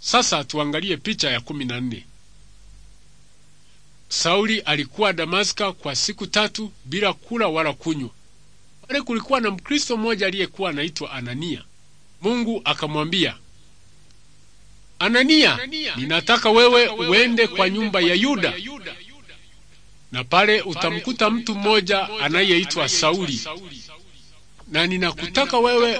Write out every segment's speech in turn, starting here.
Sasa tuangalie picha ya kumi na nne. Sauli alikuwa Damaska kwa siku tatu bila kula wala kunywa. Pale kulikuwa na Mkristo mmoja aliyekuwa anaitwa Anania. Mungu akamwambia, Anania, Anania, ninataka wewe uende kwa nyumba ya Yuda, na pale utamkuta mtu mmoja anayeitwa Sauli, na ninakutaka wewe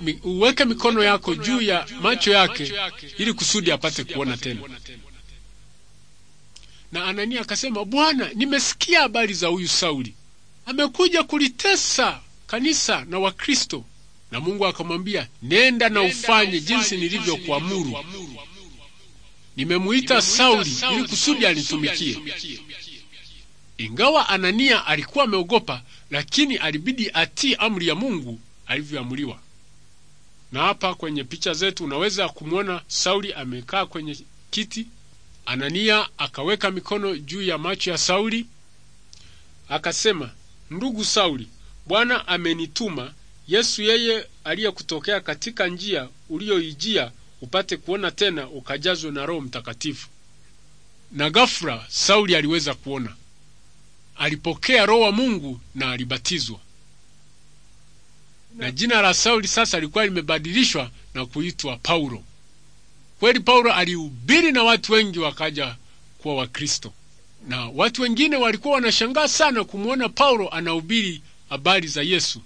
mi, uweke mikono yako juu ya macho yake ili kusudi apate kuona tena. Na Anania akasema, Bwana, nimesikia habari za huyu Sauli, amekuja kulitesa kanisa na Wakristo. Na Mungu akamwambia, nenda na ufanye jinsi nilivyokuamuru. Nimemuita Sauli ili kusudi anitumikie. Ingawa Anania alikuwa ameogopa, lakini alibidi atii amri ya Mungu alivyoamuliwa na hapa kwenye picha zetu unaweza kumwona Sauli amekaa kwenye kiti. Anania akaweka mikono juu ya macho ya Sauli akasema, ndugu Sauli, Bwana amenituma Yesu yeye aliyekutokea katika njia uliyoijia upate kuona tena ukajazwe na Roho Mtakatifu. Na ghafula Sauli aliweza kuona, alipokea Roho wa Mungu na alibatizwa na jina la Sauli sasa likuwa limebadilishwa na kuitwa Paulo. Kweli Paulo alihubiri na watu wengi wakaja kuwa Wakristo, na watu wengine walikuwa wanashangaa sana kumwona Paulo anahubiri habari za Yesu,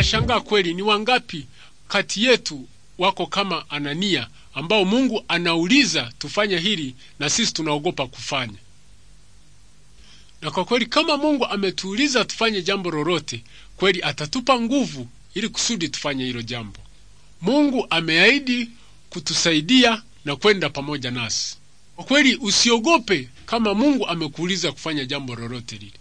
Unashangaa kweli, ni wangapi kati yetu wako kama Anania ambao Mungu anauliza tufanye hili na sisi tunaogopa kufanya. Na kwa kweli kama Mungu ametuuliza tufanye jambo lolote, kweli atatupa nguvu ili kusudi tufanye hilo jambo. Mungu ameahidi kutusaidia na kwenda pamoja nasi. Kwa kweli usiogope kama Mungu amekuuliza kufanya jambo lolote lile.